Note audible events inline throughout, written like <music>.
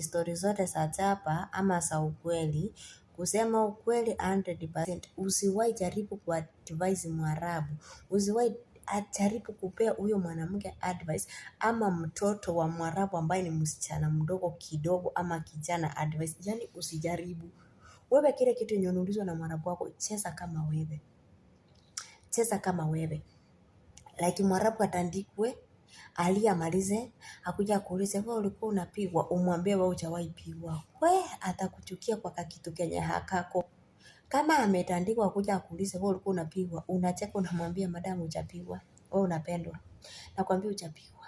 stori zote za chapa ama za ukweli. Kusema ukweli 100%. Usiwahi jaribu advise mwarabu. Usiwahi ajaribu kupea huyo mwanamke advice ama mtoto wa mwarabu ambaye ni msichana mdogo kidogo ama kijana advice. yani usijaribu. Wewe kile kitu yenye unaulizwa na mwarabu wako cheza kama wewe. Cheza kama wewe. Like mwarabu atandikwe ali amalize akuja akuulize wewe ulikuwa unapigwa, umwambie wewe hujawahi pigwa. We atakuchukia kwa kitu kenye hakako. Kama ametandikwa kuja akuulize wewe ulikuwa unapigwa, unacheka unamwambia madam hujapigwa. Wewe unapendwa. Nakwambia hujapigwa.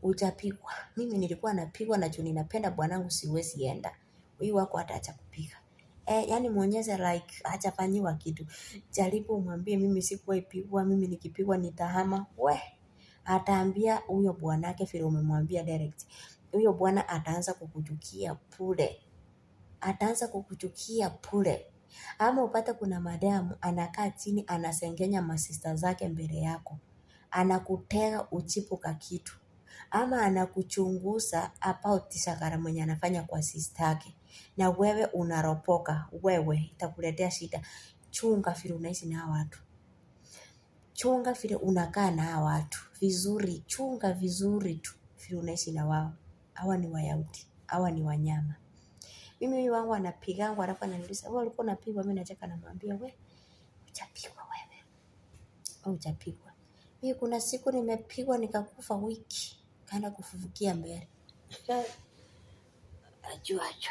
Hujapigwa. Mimi nilikuwa napigwa na juu ninapenda bwanangu siwezi enda. Huyu wako hata kupiga. Eh, yani muonyeze like hajafanyiwa kitu. Jaribu umwambie mimi sikuwahi pigwa, mimi nikipigwa nitahama. Weh ataambia huyo bwanake vile umemwambia direct. Huyo bwana ataanza kukuchukia pule, ataanza kukuchukia pule. Ama upate kuna madamu anakaa chini anasengenya masista zake mbele yako, anakutega uchipu ka kitu, ama anakuchunguza about shakara mwenye anafanya kwa sista yake, na wewe unaropoka, wewe itakuletea shida. Chunga vile unaishi na watu, chunga vile unakaa na watu vizuri, chunga vizuri tu vile unaishi na wao. Hawa ni Wayahudi, hawa ni wanyama. Mimi huyu wangu anapigangwa, alafu ananiuliza wewe ulikuwa unapigwa? Mimi nataka namwambia we ujapigwa wewe, au hujapigwa. Mimi kuna siku nimepigwa nikakufa wiki, kaenda kufufukia mbele. <laughs> Ajua ajua.